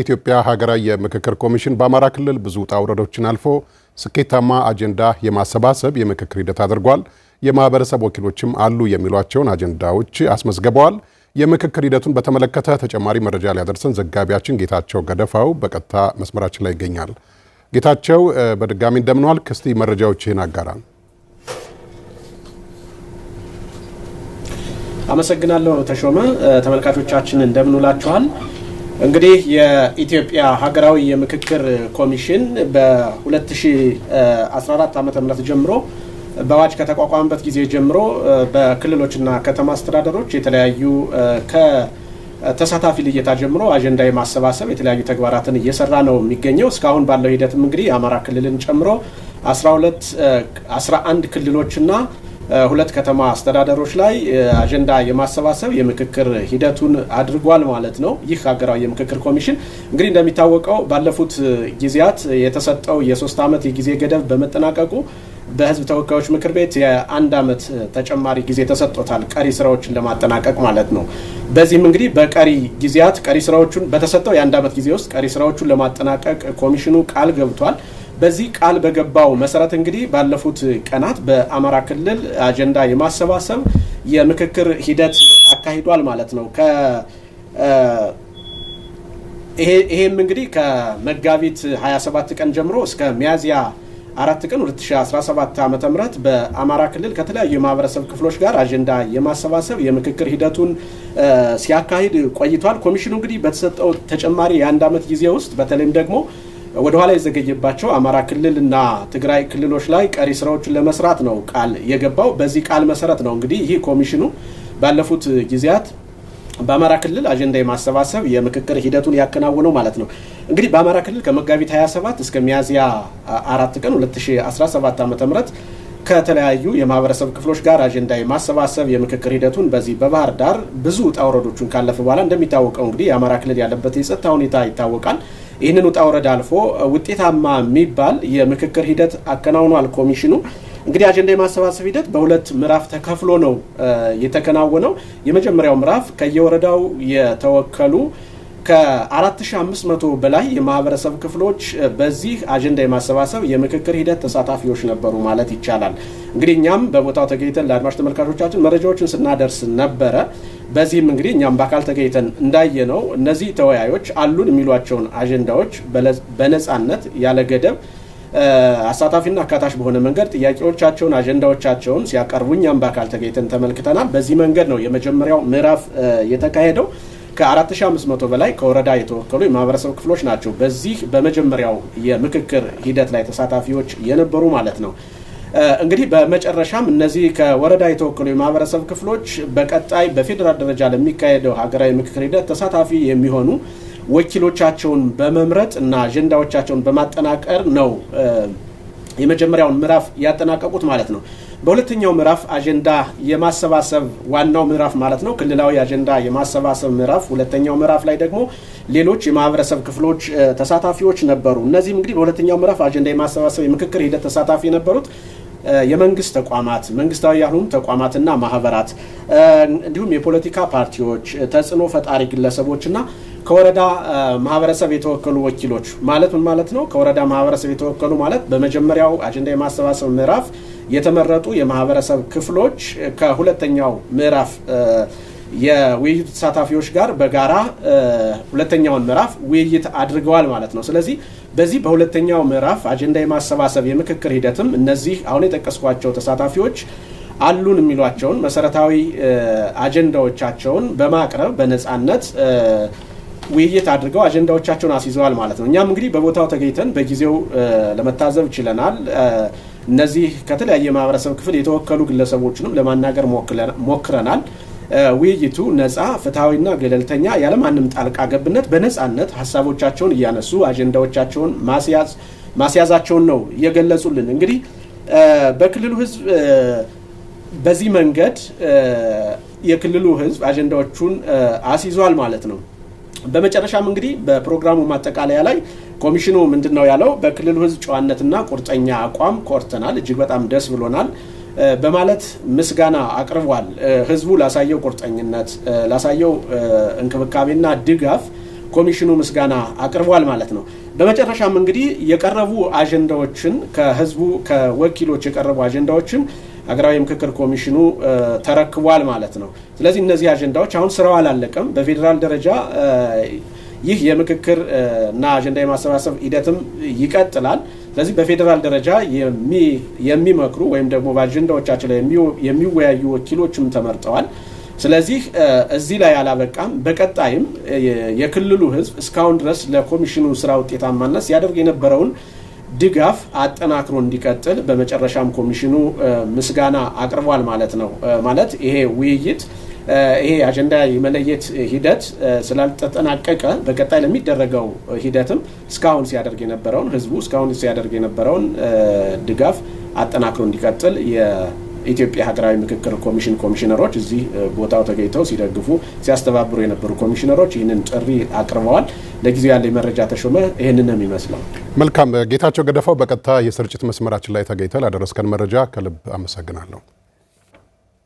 የኢትዮጵያ ሀገራዊ የምክክር ኮሚሽን በአማራ ክልል ብዙ ውጣ ውረዶችን አልፎ ስኬታማ አጀንዳ የማሰባሰብ የምክክር ሂደት አድርጓል። የማህበረሰብ ወኪሎችም አሉ የሚሏቸውን አጀንዳዎች አስመዝግበዋል። የምክክር ሂደቱን በተመለከተ ተጨማሪ መረጃ ሊያደርሰን ዘጋቢያችን ጌታቸው ገደፋው በቀጥታ መስመራችን ላይ ይገኛል። ጌታቸው በድጋሚ እንደምንዋል። ክስቲ መረጃዎችህን አጋራን። አመሰግናለሁ ተሾመ። ተመልካቾቻችን እንደምንውላችኋል። እንግዲህ የኢትዮጵያ ሀገራዊ የምክክር ኮሚሽን በ2014 ዓ ም ጀምሮ በአዋጅ ከተቋቋመበት ጊዜ ጀምሮ በክልሎችና ከተማ አስተዳደሮች የተለያዩ ከተሳታፊ ልየታ ጀምሮ አጀንዳ የማሰባሰብ የተለያዩ ተግባራትን እየሰራ ነው የሚገኘው። እስካሁን ባለው ሂደትም እንግዲህ የአማራ ክልልን ጨምሮ 12 11 ክልሎችና ሁለት ከተማ አስተዳደሮች ላይ አጀንዳ የማሰባሰብ የምክክር ሂደቱን አድርጓል ማለት ነው። ይህ ሀገራዊ የምክክር ኮሚሽን እንግዲህ እንደሚታወቀው ባለፉት ጊዜያት የተሰጠው የሶስት ዓመት የጊዜ ገደብ በመጠናቀቁ በህዝብ ተወካዮች ምክር ቤት የአንድ ዓመት ተጨማሪ ጊዜ ተሰጥቶታል፣ ቀሪ ስራዎችን ለማጠናቀቅ ማለት ነው። በዚህም እንግዲህ በቀሪ ጊዜያት ቀሪ ስራዎቹን በተሰጠው የአንድ ዓመት ጊዜ ውስጥ ቀሪ ስራዎቹን ለማጠናቀቅ ኮሚሽኑ ቃል ገብቷል። በዚህ ቃል በገባው መሰረት እንግዲህ ባለፉት ቀናት በአማራ ክልል አጀንዳ የማሰባሰብ የምክክር ሂደት አካሂዷል ማለት ነው። ይሄም እንግዲህ ከመጋቢት 27 ቀን ጀምሮ እስከ ሚያዝያ አራት ቀን 2017 ዓ ም በአማራ ክልል ከተለያዩ የማህበረሰብ ክፍሎች ጋር አጀንዳ የማሰባሰብ የምክክር ሂደቱን ሲያካሂድ ቆይቷል። ኮሚሽኑ እንግዲህ በተሰጠው ተጨማሪ የአንድ ዓመት ጊዜ ውስጥ በተለይም ደግሞ ወደኋላ የዘገየባቸው አማራ ክልል እና ትግራይ ክልሎች ላይ ቀሪ ስራዎችን ለመስራት ነው ቃል የገባው። በዚህ ቃል መሰረት ነው እንግዲህ ይህ ኮሚሽኑ ባለፉት ጊዜያት በአማራ ክልል አጀንዳ የማሰባሰብ የምክክር ሂደቱን ያከናውነው ማለት ነው። እንግዲህ በአማራ ክልል ከመጋቢት 27 እስከ ሚያዝያ አራት ቀን 2017 ዓ ም ከተለያዩ የማህበረሰብ ክፍሎች ጋር አጀንዳ የማሰባሰብ የምክክር ሂደቱን በዚህ በባህር ዳር ብዙ ውጣ ውረዶቹን ካለፈ በኋላ እንደሚታወቀው እንግዲህ የአማራ ክልል ያለበት የጸጥታ ሁኔታ ይታወቃል። ይህንን ውጣ ውረድ አልፎ ውጤታማ የሚባል የምክክር ሂደት አከናውኗል ኮሚሽኑ። እንግዲህ አጀንዳ የማሰባሰብ ሂደት በሁለት ምዕራፍ ተከፍሎ ነው የተከናወነው። የመጀመሪያው ምዕራፍ ከየወረዳው የተወከሉ ከ4500 በላይ የማህበረሰብ ክፍሎች በዚህ አጀንዳ የማሰባሰብ የምክክር ሂደት ተሳታፊዎች ነበሩ ማለት ይቻላል። እንግዲህ እኛም በቦታው ተገኝተን ለአድማጭ ተመልካቾቻችን መረጃዎችን ስናደርስ ነበረ። በዚህም እንግዲህ እኛም በአካል ተገኝተን እንዳየነው እነዚህ ተወያዮች አሉን የሚሏቸውን አጀንዳዎች በነፃነት ያለ ገደብ አሳታፊና አካታች በሆነ መንገድ ጥያቄዎቻቸውን፣ አጀንዳዎቻቸውን ሲያቀርቡ እኛም በአካል ተገኝተን ተመልክተናል። በዚህ መንገድ ነው የመጀመሪያው ምዕራፍ የተካሄደው። ከ4500 በላይ ከወረዳ የተወከሉ የማህበረሰብ ክፍሎች ናቸው በዚህ በመጀመሪያው የምክክር ሂደት ላይ ተሳታፊዎች የነበሩ ማለት ነው። እንግዲህ በመጨረሻም እነዚህ ከወረዳ የተወከሉ የማህበረሰብ ክፍሎች በቀጣይ በፌዴራል ደረጃ ለሚካሄደው ሀገራዊ ምክክር ሂደት ተሳታፊ የሚሆኑ ወኪሎቻቸውን በመምረጥ እና አጀንዳዎቻቸውን በማጠናቀር ነው የመጀመሪያውን ምዕራፍ ያጠናቀቁት ማለት ነው። በሁለተኛው ምዕራፍ አጀንዳ የማሰባሰብ ዋናው ምዕራፍ ማለት ነው ክልላዊ አጀንዳ የማሰባሰብ ምዕራፍ፣ ሁለተኛው ምዕራፍ ላይ ደግሞ ሌሎች የማህበረሰብ ክፍሎች ተሳታፊዎች ነበሩ። እነዚህም እንግዲህ በሁለተኛው ምዕራፍ አጀንዳ የማሰባሰብ የምክክር ሂደት ተሳታፊ የነበሩት የመንግስት ተቋማት መንግስታዊ ያልሆኑ ተቋማትና ማህበራት እንዲሁም የፖለቲካ ፓርቲዎች፣ ተጽዕኖ ፈጣሪ ግለሰቦችና ከወረዳ ማህበረሰብ የተወከሉ ወኪሎች ማለት ምን ማለት ነው? ከወረዳ ማህበረሰብ የተወከሉ ማለት በመጀመሪያው አጀንዳ የማሰባሰብ ምዕራፍ የተመረጡ የማህበረሰብ ክፍሎች ከሁለተኛው ምዕራፍ የውይይቱ ተሳታፊዎች ጋር በጋራ ሁለተኛውን ምዕራፍ ውይይት አድርገዋል ማለት ነው። ስለዚህ በዚህ በሁለተኛው ምዕራፍ አጀንዳ የማሰባሰብ የምክክር ሂደትም እነዚህ አሁን የጠቀስኳቸው ተሳታፊዎች አሉን የሚሏቸውን መሰረታዊ አጀንዳዎቻቸውን በማቅረብ በነፃነት ውይይት አድርገው አጀንዳዎቻቸውን አስይዘዋል ማለት ነው። እኛም እንግዲህ በቦታው ተገኝተን በጊዜው ለመታዘብ ችለናል። እነዚህ ከተለያየ የማህበረሰብ ክፍል የተወከሉ ግለሰቦችንም ለማናገር ሞክረናል። ውይይቱ ነፃ ፍትሐዊና ገለልተኛ ያለማንም ጣልቃ ገብነት በነፃነት ሀሳቦቻቸውን እያነሱ አጀንዳዎቻቸውን ማስያዛቸውን ነው እየገለጹልን። እንግዲህ በክልሉ ህዝብ በዚህ መንገድ የክልሉ ህዝብ አጀንዳዎቹን አስይዟል ማለት ነው። በመጨረሻም እንግዲህ በፕሮግራሙ ማጠቃለያ ላይ ኮሚሽኑ ምንድን ነው ያለው? በክልሉ ህዝብ ጨዋነትና ቁርጠኛ አቋም ኮርተናል፣ እጅግ በጣም ደስ ብሎናል በማለት ምስጋና አቅርቧል። ህዝቡ ላሳየው ቁርጠኝነት፣ ላሳየው እንክብካቤና ድጋፍ ኮሚሽኑ ምስጋና አቅርቧል ማለት ነው። በመጨረሻም እንግዲህ የቀረቡ አጀንዳዎችን ከህዝቡ ከወኪሎች የቀረቡ አጀንዳዎችን ሀገራዊ ምክክር ኮሚሽኑ ተረክቧል ማለት ነው። ስለዚህ እነዚህ አጀንዳዎች አሁን ስራው አላለቀም። በፌዴራል ደረጃ ይህ የምክክር እና አጀንዳ የማሰባሰብ ሂደትም ይቀጥላል። ስለዚህ በፌዴራል ደረጃ የሚመክሩ ወይም ደግሞ በአጀንዳዎቻችን ላይ የሚወያዩ ወኪሎችም ተመርጠዋል። ስለዚህ እዚህ ላይ አላበቃም። በቀጣይም የክልሉ ህዝብ እስካሁን ድረስ ለኮሚሽኑ ስራ ውጤታማነት ሲያደርግ የነበረውን ድጋፍ አጠናክሮ እንዲቀጥል በመጨረሻም ኮሚሽኑ ምስጋና አቅርቧል ማለት ነው። ማለት ይሄ ውይይት ይሄ አጀንዳ የመለየት ሂደት ስላልተጠናቀቀ በቀጣይ ለሚደረገው ሂደትም እስካሁን ሲያደርግ የነበረውን ህዝቡ እስካሁን ሲያደርግ የነበረውን ድጋፍ አጠናክሮ እንዲቀጥል የኢትዮጵያ ሀገራዊ ምክክር ኮሚሽን ኮሚሽነሮች እዚህ ቦታው ተገኝተው ሲደግፉ፣ ሲያስተባብሩ የነበሩ ኮሚሽነሮች ይህንን ጥሪ አቅርበዋል። ለጊዜው ያለ መረጃ ተሾመ ይህንን ነው የሚመስለው። መልካም ጌታቸው ገደፋው፣ በቀጥታ የስርጭት መስመራችን ላይ ተገኝተህ ላደረስከን መረጃ ከልብ አመሰግናለሁ።